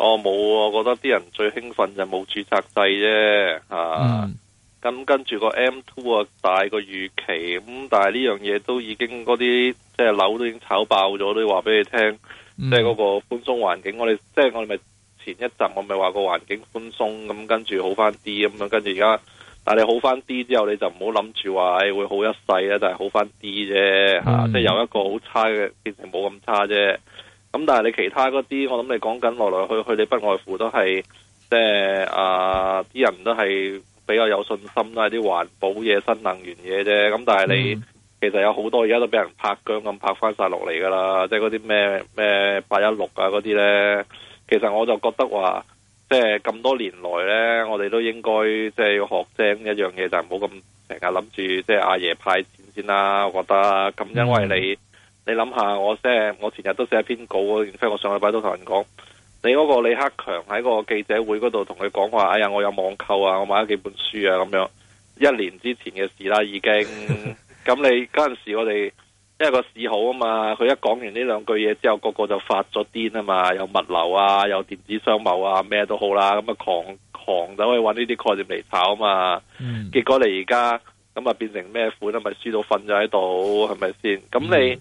哦，冇啊，我覺得啲人最興奮就冇註冊制啫，嚇、啊。咁、嗯、跟住個 M2 啊，大個預期，咁、嗯、但係呢樣嘢都已經嗰啲即係樓都已經炒爆咗，都話俾你聽。即係嗰個寬鬆環境，我哋即係我哋咪前一集我咪話個環境寬鬆，咁、嗯、跟住好翻啲，咁樣跟住而家。但係你好翻啲之後，你就唔好諗住話誒會好一世好一啊，但係好翻啲啫，嚇。即係有一個好差嘅變成冇咁差啫。咁、嗯、但係你其他嗰啲，我諗你講緊來來去去，去你不外乎都係即係啊啲人都係比較有信心啦，啲環保嘢、新能源嘢啫。咁但係你、嗯、其實有好多而家都俾人拍姜咁拍翻晒落嚟噶啦，即係嗰啲咩咩八一六啊嗰啲咧。其實我就覺得話，即係咁多年來咧，我哋都應該即係要學精一樣嘢，就係唔好咁成日諗住即係阿爺派錢先啦。我覺得咁，因為你。嗯你諗下，我寫我前日都寫一篇稿，然之後我上個禮拜都同人講，你嗰個李克強喺個記者會嗰度同佢講話，哎呀，我有網購啊，我買咗幾本書啊，咁樣一年之前嘅事啦，已經咁 你嗰陣時我哋因為個市好啊嘛，佢一講完呢兩句嘢之後，個個就發咗癲啊嘛，有物流啊，有電子商貿啊，咩都好啦，啊，咁啊狂狂走去搵呢啲概念嚟炒啊嘛，嗯、結果你而家咁啊變成咩款啊？咪輸到瞓咗喺度，係咪先？咁你？嗯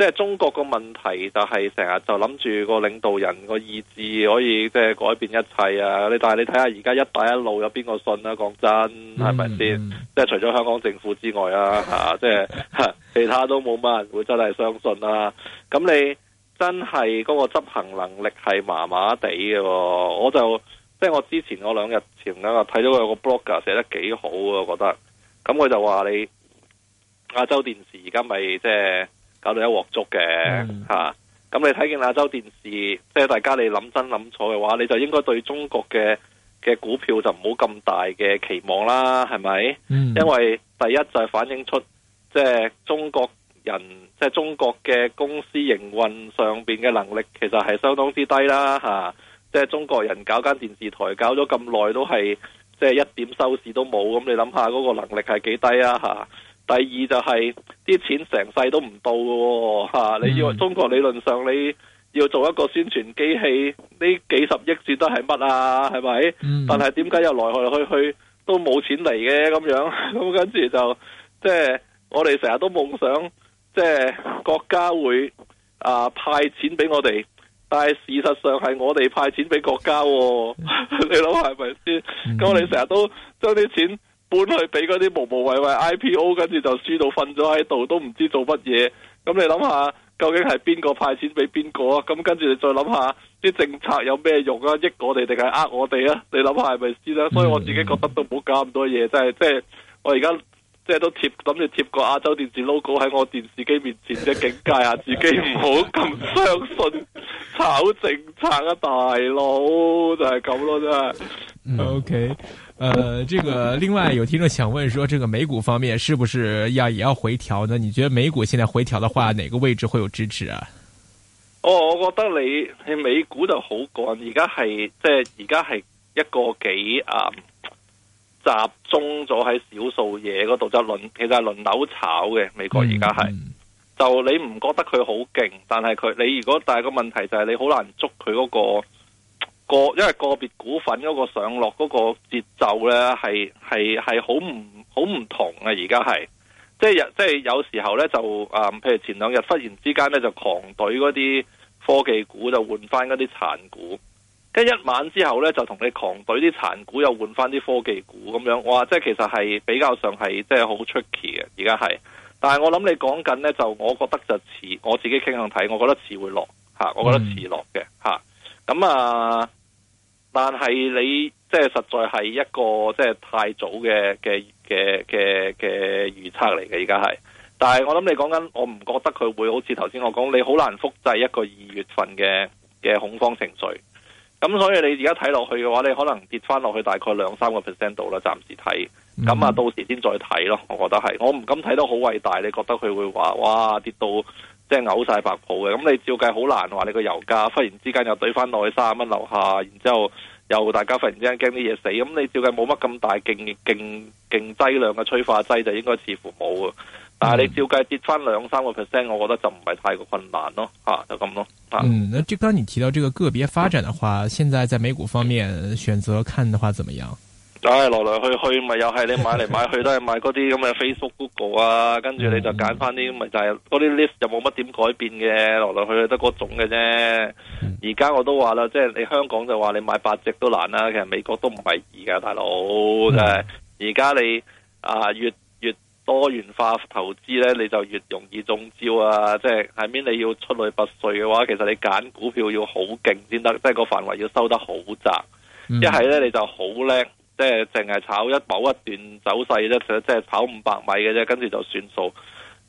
即係中國個問題就係成日就諗住個領導人個意志可以即係改變一切啊！但你但係你睇下而家一帶一路有邊個信啊？講真係咪先？嗯、即係除咗香港政府之外啊，嚇、 啊！即係其他都冇乜人會真係相信啦、啊。咁你真係嗰個執行能力係麻麻地嘅。我就即係我之前我兩日前咧睇到有個 blogger 寫得幾好啊，我覺得咁佢就話你亞洲、啊、電視而家咪即係。搞到一鑊粥嘅嚇，咁、嗯啊、你睇見亞洲電視，即係大家你諗真諗錯嘅話，你就應該對中國嘅嘅股票就唔好咁大嘅期望啦，係咪？嗯、因為第一就係反映出，即係中國人，即係中國嘅公司營運上邊嘅能力，其實係相當之低啦嚇。啊即係中國人搞間電視台搞咗咁耐都係，即係一點收視都冇，咁你諗下嗰個能力係幾低啊嚇？啊。第二就係、是、啲錢成世都唔到嘅喎、哦嗯、你以為中國理論上你要做一個宣傳機器，呢幾十億算得係乜啊？係咪？嗯、但係點解又來來去去，去都冇錢嚟嘅咁樣？咁 跟住就即係、就是、我哋成日都夢想，即、就、係、是、國家會啊派錢俾我哋，但係事實上係我哋派錢俾國家喎、哦。嗯、 你諗係咪先？咁、嗯、我哋成日都將啲錢。搬去俾嗰啲無無謂謂 IPO，跟住就輸到瞓咗喺度，都唔知做乜嘢。咁你諗下，究竟係邊個派錢俾邊個啊？咁跟住你再諗下，啲政策有咩用啊？益我哋定係呃我哋啊？你諗下係咪先啦、啊？嗯、所以我自己覺得都唔好搞咁多嘢，真係即係我而家即係都貼諗住貼個亞洲電視 logo 喺我電視機面前，即、就、係、是、警戒下自己唔好咁相信炒政策啊，大佬就係咁咯，真係、嗯。嗯、OK。呃，這個另外有聽眾想問說，這個美股方面是不是要也要回調呢？你覺得美股現在回調的話，哪個位置會有支持啊？我、哦、我覺得你喺美股就好干，而家係即係而家係一個幾啊、嗯嗯、集中咗喺少數嘢嗰度，就輪其實係輪，輪流炒嘅。美國而家係就你唔覺得佢好勁，但係佢你如果但係個問題就係你好難捉佢嗰、那個。個因為個別股份嗰個上落嗰個節奏咧，係係係好唔好唔同啊！而家係即係即係有時候咧，就誒、呃，譬如前兩日忽然之間咧就狂懟嗰啲科技股，就換翻嗰啲殘股，跟一晚之後咧就同你狂懟啲殘股，又換翻啲科技股咁樣。哇！即係其實係比較上係即係好 tricky 嘅，而家係。但係我諗你講緊咧，就我覺得就似我自己傾向睇，我覺得似會落吓、啊，我覺得似落嘅吓。咁啊～、嗯但係你即係實在係一個即係太早嘅嘅嘅嘅嘅預測嚟嘅，而家係。但係我諗你講緊，我唔覺得佢會好似頭先我講，你好難複製一個二月份嘅嘅恐慌情緒。咁所以你而家睇落去嘅話，你可能跌翻落去大概兩三個 percent 度啦，暫時睇。咁啊，到時先再睇咯。我覺得係，我唔敢睇得好偉大。你覺得佢會話哇跌到？即係嘔晒白泡嘅，咁你照計好難話你個油價忽然之間又懟翻落去卅蚊樓下，然之後又大家忽然之間驚啲嘢，死，咁你照計冇乜咁大勁勁勁劑量嘅催化劑，就應該似乎冇啊。但係你照計跌翻兩三個 percent，我覺得就唔係太過困難咯，吓、啊、就咁咯。嗯，那就剛你提到這個個別發展的話，嗯、現在在美股方面選擇看的話，怎麼樣？就唉、哎，來來去去咪又係你買嚟買去都係買嗰啲咁嘅 Facebook、Google 啊，跟住你就揀翻啲咪就係嗰啲 list 又冇乜點改變嘅，來來去去得嗰種嘅啫。而家我都話啦，即係你香港就話你買八隻都難啦，其實美國都唔係易噶，大佬真係。而家，嗯、你啊，呃、越越多元化投資咧，你就越容易中招啊！即係係咪你要出類拔萃嘅話，其實你揀股票要好勁先得，即係個範圍要收得好窄。一係咧你就好叻。即係淨係炒一某一段走勢啫，即係跑五百米嘅啫，跟住就算數。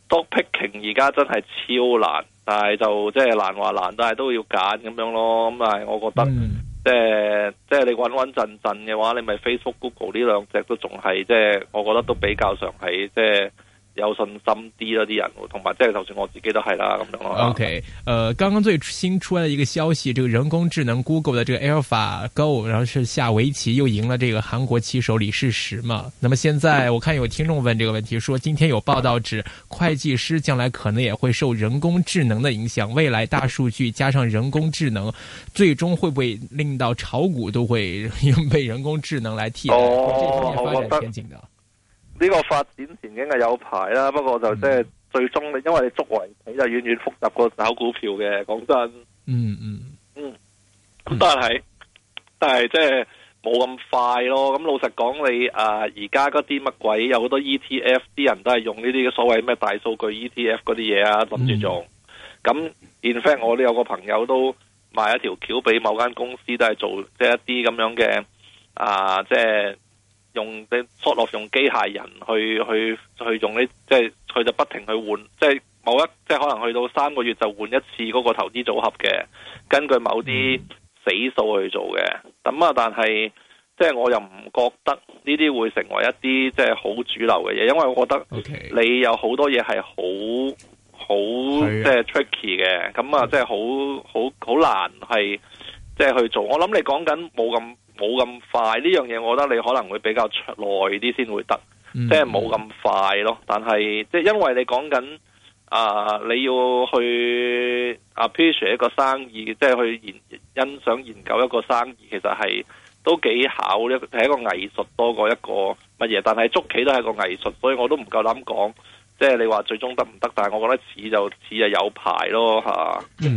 多 picking 而家真係超難，但係就即係、就是、難話難，但係都要揀咁樣咯。咁啊，我覺得即係即係你穩穩陣陣嘅話，你咪 Facebook、Google 呢兩隻都仲係即係，我覺得都比較常係即係。就是有信心啲啦，啲人，同埋即係，就算我自己都係啦咁樣咯。OK，呃，剛剛最新出來一個消息，這個人工智能 Google 的這個 AlphaGo，然後是下圍棋又贏了這個韓國棋手李世石嘛。那麼現在我看有聽眾問這個問題，說今天有報道指會計師將來可能也會受人工智能的影響，未來大數據加上人工智能，最終會不會令到炒股都會被人工智能來替代？方面發展前景哦，我覺得。呢個發展前景係有排啦，不過就即係最終，因為你捉為你就遠遠複雜過炒股票嘅，講真嗯。嗯嗯嗯，咁但係但係即係冇咁快咯。咁、嗯、老實講，你啊而家嗰啲乜鬼有好多 ETF，啲人都係用呢啲所謂咩大數據 ETF 嗰啲嘢啊，諗住做。咁、嗯、in fact，我都有個朋友都賣一條橋俾某間公司都，都係做即係一啲咁樣嘅啊，即、呃、係。就是用你索落用機械人去去去用呢，即係佢就不停去換，即係某一即係可能去到三個月就換一次嗰個投資組合嘅，根據某啲死數去做嘅。咁啊，但係即係我又唔覺得呢啲會成為一啲即係好主流嘅嘢，因為我覺得你有好多嘢係好好即係 tricky 嘅，咁啊即係好好好難係。即係去做，我諗你講緊冇咁冇咁快呢樣嘢，我覺得你可能會比較耐啲先會得，嗯、即係冇咁快咯。但係即係因為你講緊啊，你要去 appreciate 一個生意，即係去研欣賞研究一個生意，其實係都幾考一個係一個藝術多過一個乜嘢。但係捉棋都係一個藝術，所以我都唔夠膽講。即係你話最終得唔得？但係我覺得似就似啊，有排咯吓。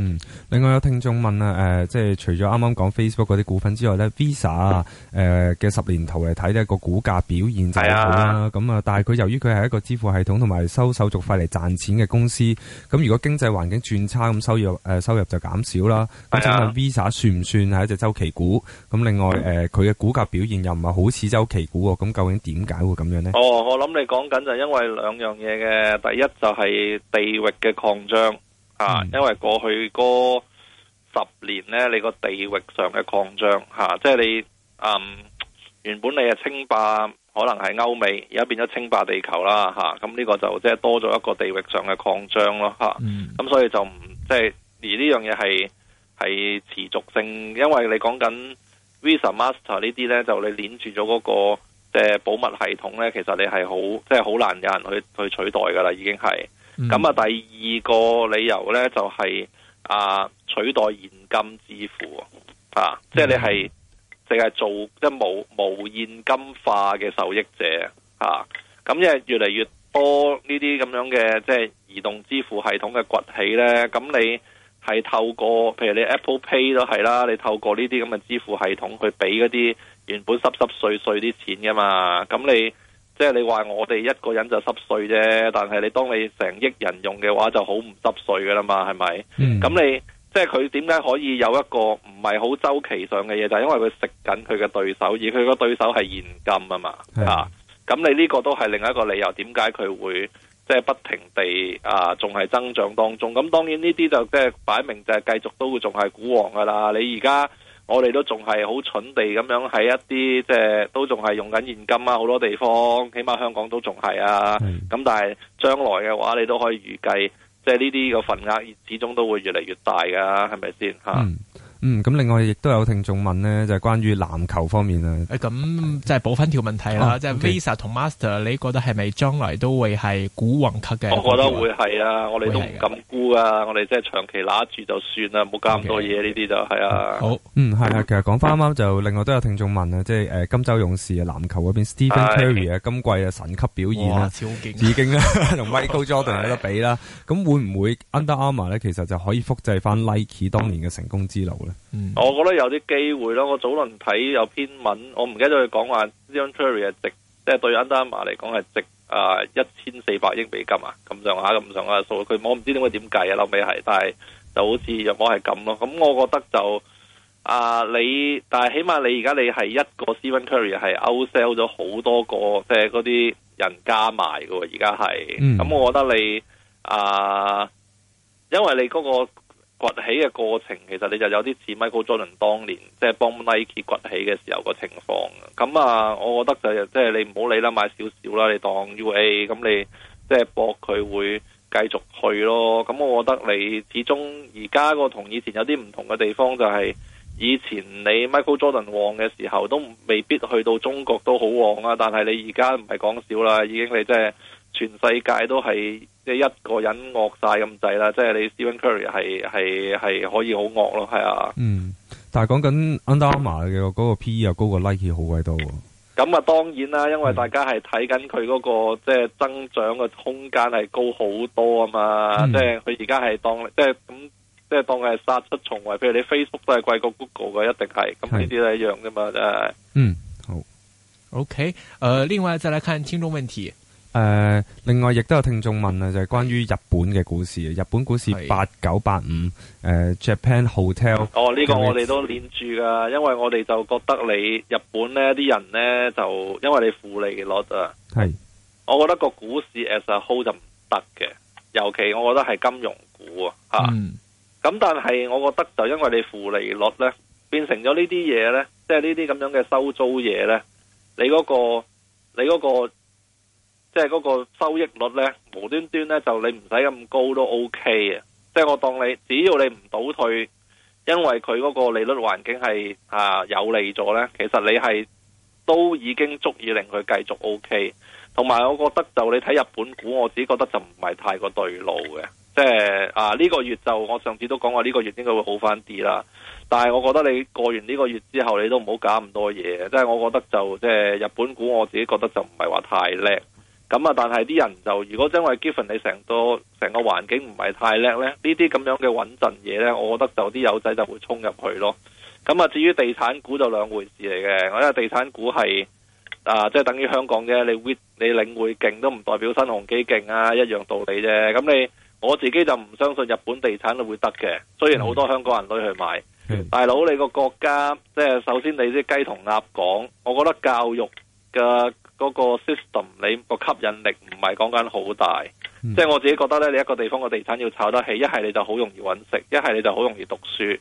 另外有聽眾問啊，誒、呃，即係除咗啱啱講 Facebook 嗰啲股份之外咧，Visa 誒、呃、嘅十年圖嚟睇呢個股價表現就好啦。咁啊，嗯、但係佢由於佢係一個支付系統同埋收手續費嚟賺錢嘅公司，咁、嗯、如果經濟環境轉差，咁收入誒、呃、收入就減少啦。咁請問 Visa 算唔算係一隻週期股？咁、嗯嗯、另外誒，佢、呃、嘅股價表現又唔係好似周期股，咁究竟點解會咁樣呢？哦，我諗你講緊就係因為兩樣嘢嘅。誒，第一就係地域嘅擴張啊，mm. 因為過去嗰十年咧，你個地域上嘅擴張吓，即係你嗯原本你係稱霸可能係歐美，而家變咗稱霸地球啦吓，咁、啊、呢、嗯這個就即係多咗一個地域上嘅擴張咯吓，咁、啊 mm. 嗯、所以就唔即係而呢樣嘢係係持續性，因為你講緊 Visa、Master 呢啲咧，就你連住咗、嗰個。即係保密系統咧，其實你係好即係好難有人去去取代㗎啦，已經係。咁啊、嗯，第二個理由咧就係、是、啊取代現金支付啊，即係你係淨係做即係無無現金化嘅受益者啊。咁因為越嚟越多呢啲咁樣嘅即係移動支付系統嘅崛起咧，咁你係透過譬如你 Apple Pay 都係啦，你透過呢啲咁嘅支付系統去俾嗰啲。原本濕濕碎碎啲錢噶嘛，咁你即係、就是、你話我哋一個人就濕碎啫，但係你當你成億人用嘅話就好唔濕碎噶啦嘛，係咪？咁、嗯、你即係佢點解可以有一個唔係好周期上嘅嘢，就係、是、因為佢食緊佢嘅對手，而佢個對手係現金啊嘛，嚇是。咁、啊、你呢個都係另一個理由，點解佢會即係不停地啊，仲係增長當中。咁當然呢啲就即係擺明就係繼續都會仲係股王噶啦。你而家。我哋都仲係好蠢地咁樣喺一啲即係都仲係用緊現金啊，好多地方起碼香港都仲係啊。咁、mm. 但係將來嘅話，你都可以預計，即係呢啲個份額始終都會越嚟越大噶、啊，係咪先吓？Mm. 嗯，咁另外亦都有聽眾問咧，就係關於籃球方面啊。誒，咁即係補分條問題啦，即係 VISA 同 MASTER，你覺得係咪將來都會係股王級嘅？我覺得會係啊，我哋都唔敢估啊，我哋即係長期拿住就算啦，唔好加咁多嘢，呢啲就係啊。好，嗯，係啊，其實講翻啱啱就另外都有聽眾問啊，即係誒金州勇士啊籃球嗰邊 Stephen Curry 啊，今季啊神級表現啊，致敬啦，同 Michael Jordan 喺度比啦，咁會唔會 Under Armour 咧其實就可以複製翻 Nike 當年嘅成功之路咧？嗯、我覺得有啲機會咯。我早輪睇有篇文，我唔記得咗佢講話，Seven Cherry 係值，即、就、係、是、對 Andy 馬嚟講係值啊一千四百億美金啊，咁上下咁上下數。佢我唔知點解點計啊，冇尾係，但係就好似若果係咁咯。咁我覺得就啊、呃、你，但係起碼你而家你係一個 Seven Cherry 係 out sell 咗好多個，即係嗰啲人加賣嘅。而家係，咁我覺得你啊、呃，因為你嗰、那個。崛起嘅過程，其實你就有啲似 Michael Jordan 當年即係幫 Nike 崛起嘅時候個情況。咁啊，我覺得就即係你唔好理啦，買少少啦，你當 UA 咁你即係搏佢會繼續去咯。咁我覺得你始終而家個同以前有啲唔同嘅地方就係以前你 Michael Jordan 旺嘅時候都未必去到中國都好旺啊，但係你而家唔係講少啦，已經你即係。全世界都係即係一個人惡晒咁滯啦，即係你 Stephen Curry 係係係可以好惡咯，係啊。嗯，但係講緊 Under Armour 嘅嗰個 P E 又高過 Nike 好鬼多。咁啊，當然啦，因為大家係睇緊佢嗰個、嗯、即係增長嘅空間係高好多啊嘛，嗯、即係佢而家係當即係咁即係當係殺出重圍，譬如你 Facebook 都係貴過 Google 嘅，一定係。咁呢啲都係一樣噶嘛，即係是。嗯，好。OK，誒、呃，另外再嚟看聽眾問題。誒、呃，另外亦都有聽眾問啊，就係、是、關於日本嘅股市，日本股市八九八五，誒、呃、Japan Hotel。哦，呢、這個我哋都連住噶，因為我哋就覺得你日本呢啲人呢，就因為你負利率啊。係的。我覺得個股市 as a whole 就唔得嘅，尤其我覺得係金融股啊，吓、嗯。咁、啊、但係我覺得就因為你負利率呢，變成咗呢啲嘢呢，即係呢啲咁樣嘅收租嘢呢，你嗰個你嗰個。你那個即係嗰個收益率呢，無端端呢，就你唔使咁高都 OK 嘅。即係我當你只要你唔倒退，因為佢嗰個利率環境係啊有利咗呢，其實你係都已經足以令佢繼續 OK。同埋我覺得就你睇日本股，我自己覺得就唔係太過對路嘅。即係啊呢個月就我上次都講話呢個月應該會好翻啲啦。但係我覺得你過完呢個月之後，你都唔好搞咁多嘢。即係我覺得就即係日本股，我自己覺得就唔係話太叻。咁啊，但係啲人就如果因為 given 你成個成個環境唔係太叻咧，呢啲咁樣嘅穩陣嘢咧，我覺得就啲友仔就會衝入去咯。咁啊，至於地產股就兩回事嚟嘅。我因為地產股係啊，即係等於香港啫。你匯你領匯勁都唔代表新鴻基勁啊，一樣道理啫。咁你我自己就唔相信日本地產都會得嘅。雖然好多香港人都去買，大佬你個國家即係首先你啲雞同鴨講。我覺得教育嘅。嗰個 system 你個吸引力唔係講緊好大，嗯、即係我自己覺得呢，你一個地方個地產要炒得起，一係你就好容易揾食，一係你就好容易讀書。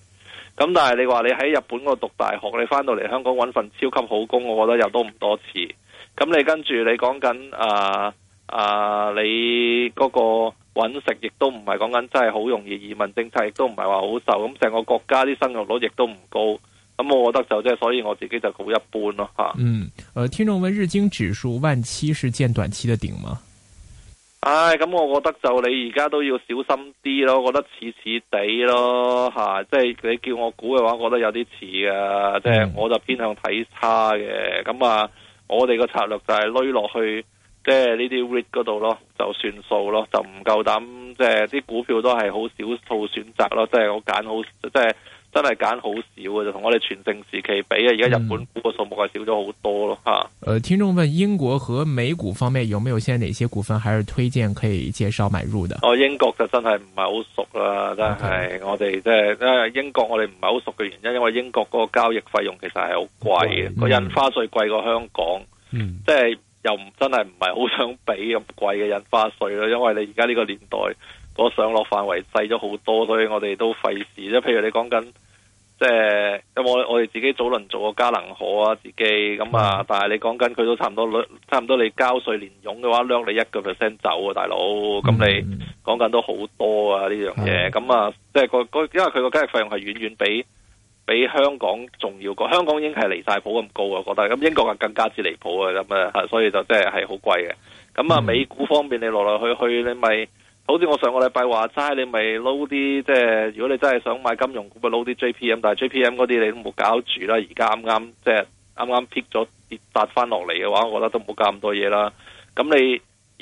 咁但係你話你喺日本度讀大學，你返到嚟香港揾份超級好工，我覺得又都唔多似。咁你跟住你講緊啊啊，你嗰個揾食亦都唔係講緊真係好容易，移民政策亦都唔係話好受，咁成個國家啲生育率亦都唔高。咁我覺得就即係，所以我自己就好一般咯吓。嗯，誒、呃，聽眾問日經指數萬七是見短期的頂嗎？唉、哎，咁、嗯、我覺得就你而家都要小心啲咯，覺得似似地咯吓，即係你叫我估嘅話，我覺得有啲似噶，即係我就偏向睇差嘅。咁、嗯、啊，我哋個策略就係擂落去即係呢啲 REIT 嗰度咯，就算數咯，就唔夠膽即係啲股票都係好少數選擇咯，即係我揀好即係。真係揀好少嘅就，同我哋全盛時期比啊，而家日本股個數目係少咗好多咯吓。誒、嗯，聽眾問英國和美股方面有冇有現哪些股份還是推薦可以介紹買入的？哦，英國就真係唔係好熟啦，真係 Okay. 我哋即係因為英國我哋唔係好熟嘅原因，因為英國嗰個交易費用其實係好貴嘅，個印、嗯、花稅貴過香港，即係、嗯、又唔真係唔係好想俾咁貴嘅印花稅啦，因為你而家呢個年代、個上落範圍細咗好多，所以我哋都費事。即譬如你講緊。即係咁，我我哋自己早輪做個加能可啊，自己咁啊。但係你講緊佢都差唔多，差唔多你交稅連傭嘅話，掠你一個 percent 走啊，大佬。咁你講緊都好多啊呢樣嘢。咁啊，即係個因為佢個交易費用係遠遠比比香港重要過。香港已經係離晒譜咁高啊，我覺得咁英國啊更加之離譜啊咁啊，所以就即係係好貴嘅。咁啊，美股方面你落落去去，你咪。好似我上個禮拜話齋，你咪撈啲即係，如果你真係想買金融股，咪撈啲 JPM，但係 JPM 嗰啲你都冇搞住啦。而家啱啱即係啱啱 pick 咗跌達翻落嚟嘅話，我覺得都冇搞咁多嘢啦。咁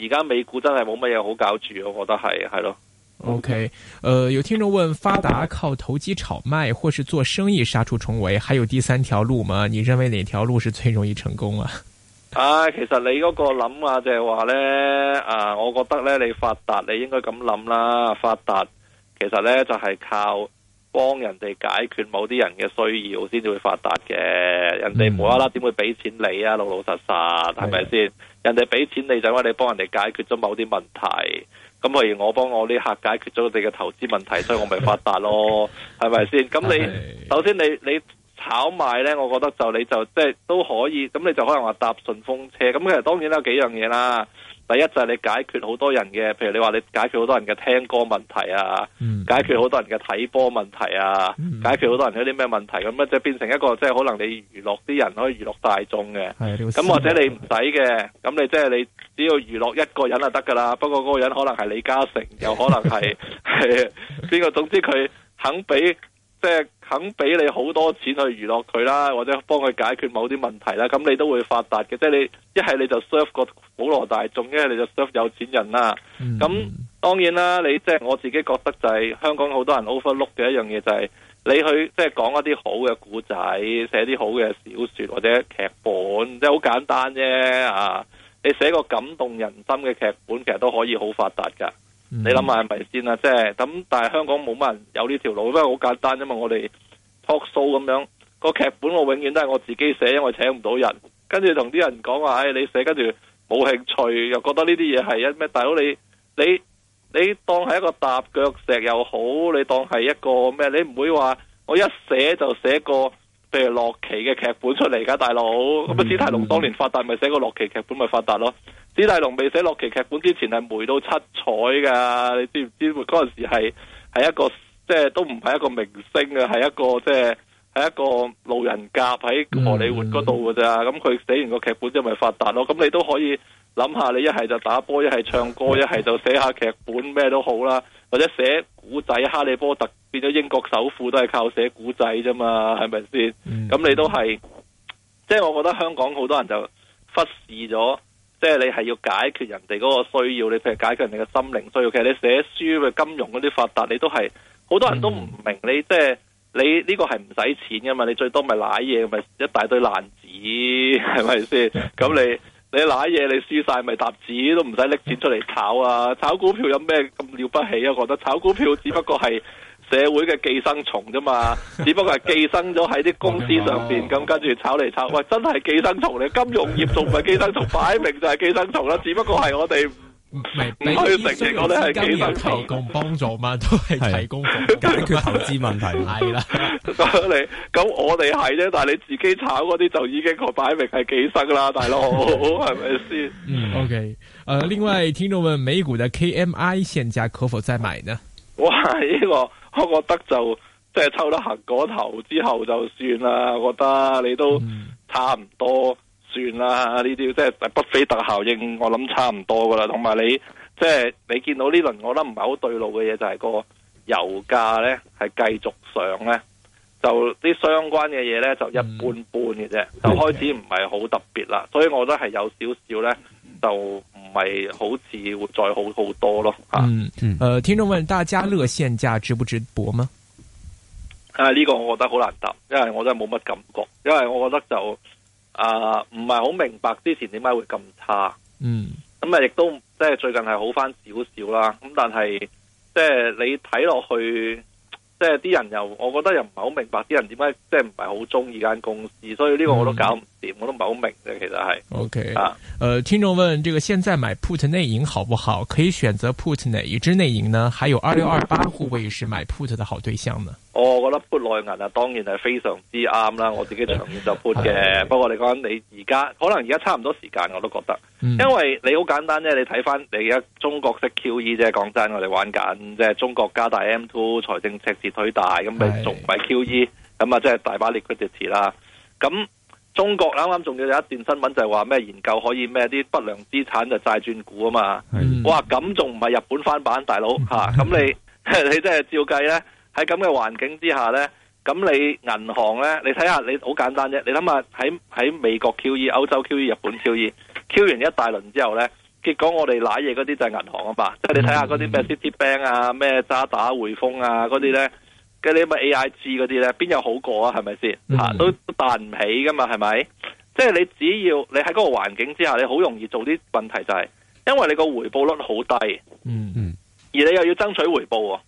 你而家美股真係冇乜嘢好搞住，我覺得係係咯。OK，誒、呃，有聽眾問：發達靠投機炒賣，或是做生意殺出重圍，還有第三條路嗎？你認為哪條路是最容易成功啊？啊，其實你嗰個諗法就係話咧，啊，我覺得咧你發達你應該咁諗啦，發達其實咧就係、是、靠幫人哋解決某啲人嘅需要先至會發達嘅，人哋無啦啦點會俾錢你啊，老老實實係咪先？人哋俾錢你就係話你幫人哋解決咗某啲問題，咁譬如我幫我啲客解決咗我哋嘅投資問題， 所以我咪發達咯，係咪先？咁的你首先你你。炒賣咧，我覺得就你就即係、就是、都可以，咁你就可能話搭順風車。咁其實當然啦，有幾樣嘢啦。第一就係你解決好多人嘅，譬如你話你解決好多人嘅聽歌問題啊，嗯、解決好多人嘅睇波問題啊，嗯、解決好多人有啲咩問題咁啊，即係變成一個即係、就是、可能你娛樂啲人可以娛樂大眾嘅。咁、嗯、或者你唔使嘅，咁你即係你只要娛樂一個人就得噶啦。不過嗰個人可能係李嘉誠，又可能係邊個， 總之佢肯俾。即係肯俾你好多錢去娛樂佢啦，或者幫佢解決某啲問題啦，咁你都會發達嘅。即係你一係你就 serve 個普羅大眾，一係你就 serve 有錢人啦。咁、mm hmm. 當然啦，你即係我自己覺得就係、是、香港好多人 overlook 嘅一樣嘢就係、是、你去即係講一啲好嘅古仔，寫啲好嘅小說或者劇本，即係好簡單啫啊！你寫個感動人心嘅劇本其實都可以好發達噶。嗯、你諗下係咪先啦？即係咁，但係香港冇乜人有呢條路，因為好簡單啫嘛。因為我哋 talk show 咁樣、個劇本，我永遠都係我自己寫，因為請唔到人。跟住同啲人講話，唉、哎，你寫跟住冇興趣，又覺得呢啲嘢係一咩？大佬你你你當係一個踏腳石又好，你當係一個咩？你唔會話我一寫就寫個譬如洛奇嘅劇本出嚟噶，大佬。咁啊、嗯，史泰龍當年發達咪寫個洛奇劇本咪發達咯。史大龍未寫洛奇劇本之前係黴到七彩噶，你知唔知？嗰陣時係係一個即係都唔係一個明星啊，係一個即係係一個路人甲喺荷里活嗰度噶咋？咁佢寫完個劇本之後，就咪發達咯。咁你都可以諗下，你一係就打波，一係唱歌，一係就寫下劇本，咩都好啦。或者寫古仔，《哈利波特》變咗英國首富都係靠寫古仔啫嘛，係咪先？咁你都係，即係我覺得香港好多人就忽視咗。即係你係要解決人哋嗰個需要，你譬如解決人哋嘅心靈需要，其實你寫書嘅金融嗰啲發達，你都係好多人都唔明你，即係你呢個係唔使錢㗎嘛，你最多咪瀨嘢咪一大堆爛紙，係咪先？咁你你瀨嘢你輸晒咪搭紙都唔使拎錢出嚟炒啊！炒股票有咩咁了不起啊？我覺得炒股票只不過係。社會嘅寄生蟲啫嘛，只不過係寄生咗喺啲公司上邊，咁 跟住炒嚟炒。喂，真係寄生蟲，你金融業仲唔係寄生蟲？擺 明就係寄生蟲啦，只不過係我哋唔可以食嘢，我哋係寄生蟲。提供幫助嘛，都係提供解決投資問題。係啦，你咁我哋係啫，但係你自己炒嗰啲就已經佢擺明係寄生啦，大佬，係咪先？OK，誒、呃，另外聽眾問，美股嘅 KMI 現價可否再買呢？哇，呢個～我覺得就即係抽得行過頭之後就算啦，我覺得你都差唔多，嗯、算啦，呢啲即係巴菲特效應，我諗差唔多㗎啦。同埋你即係你見到呢輪，我覺得唔係好對路嘅嘢，就係、是、個油價呢係繼續上呢。就啲相關嘅嘢咧，就一般般嘅啫，嗯、就開始唔係好特別啦，所以我覺得係有少少咧，就唔係好似會再好好多咯。嗯嗯。誒、嗯呃，聽眾問：大家樂現價值不值博嗎？啊、呢、呢個我覺得好難答，因為我真係冇乜感覺，因為我覺得就啊，唔係好明白之前點解會咁差。嗯。咁啊、嗯，亦都即係最近係好翻少少啦。咁但係即係你睇落去。即係啲人又，我覺得又唔係好明白啲人點解即係唔係好中意間公司，所以呢個我都搞唔掂，嗯、我都唔係好明啫。其實係。OK 啊，誒、呃，聽眾問，這個現在買 put 內盈好不好？可以選擇 put 哪一支內盈呢？還有二六二八會不會是買 put 的好對象呢？我覺得撥內銀啊，當然係非常之啱啦。我自己長遠就撥嘅。 不過你講你而家，可能而家差唔多時間，我都覺得。因為你好簡單啫，你睇翻你而家中國式 QE 啫，講真，我哋玩緊即係中國加大 M two 財政赤字推大，咁咪仲唔係 QE？咁啊，即係大把 l i 利率跌跌啦。咁中國啱啱仲要有一段新聞就係話咩研究可以咩啲不良資產就債轉股啊嘛。哇，咁仲唔係日本翻版，大佬嚇？咁、啊、你你即係照計咧？喺咁嘅環境之下呢，咁你銀行呢，你睇下，你好簡單啫。你諗下喺喺美國 QE、歐洲 QE、日本 QE、QE 完一大輪之後呢，結果我哋瀨嘢嗰啲就係銀行啊嘛。即係、嗯嗯、你睇下嗰啲咩 Citibank 啊、咩渣打、匯豐啊嗰啲呢，嗰啲咩 AIG 嗰啲呢，邊有好過啊？係咪先吓都都彈唔起㗎嘛？係咪？即、就、係、是、你只要你喺嗰個環境之下，你好容易做啲問題就係、是，因為你個回報率好低，嗯嗯，嗯嗯而你又要爭取回報、啊。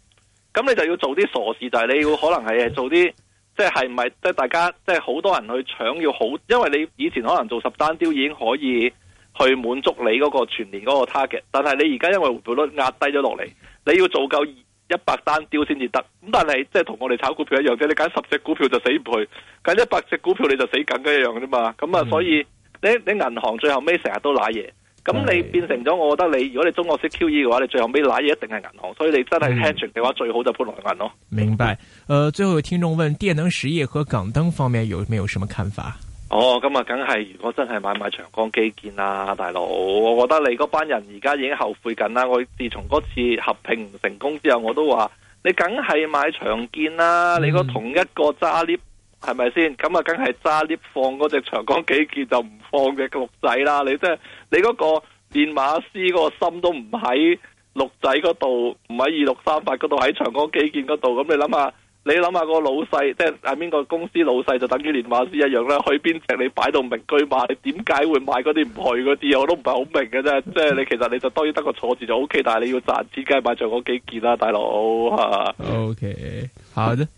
咁你就要做啲傻事，就係、是、你要可能係做啲，即係係咪即係大家即係好多人去搶，要好，因為你以前可能做十單雕已經可以去滿足你嗰個全年嗰個 target，但係你而家因為回報率壓低咗落嚟，你要做夠一百單雕先至得，咁但係即係同我哋炒股票一樣嘅，你揀十隻股票就死唔去，揀一百隻股票你就死緊一樣啫嘛，咁啊所以你你銀行最後尾成日都瀨嘢。咁、嗯、你變成咗，我覺得你如果你中國式 QE 嘅話，你最後尾攋嘢一定係銀行，所以你真係 hedge 嘅話，嗯、最好就搬嚟銀咯。明白。誒、呃，最後有聽眾問電能實業和港燈方面有沒有什麼看法？哦，咁啊，梗係如果真係買買長江基建啦、啊，大佬，我覺得你嗰班人而家已經後悔緊啦。我自從嗰次合併唔成功之後，我都話你梗係買長建啦、啊，你個同一個揸 lift。係咪先？咁啊，梗係揸 lift 放嗰隻長江基建就唔放隻綠仔啦！你即係你嗰個練馬師嗰個心都唔喺綠仔嗰度，唔喺二六三八嗰度，喺長江基建嗰度。咁你諗下，你諗下個老細，即係阿邊個公司老細，就等於練馬師一樣啦。去邊隻你擺到明句嘛？你點解會買嗰啲唔去嗰啲？我都唔係好明嘅啫。 即係你其實你就當然得個坐字就 O K，但係你要賺錢梗係買長江基建啦，大佬吓。啊，OK，下咧。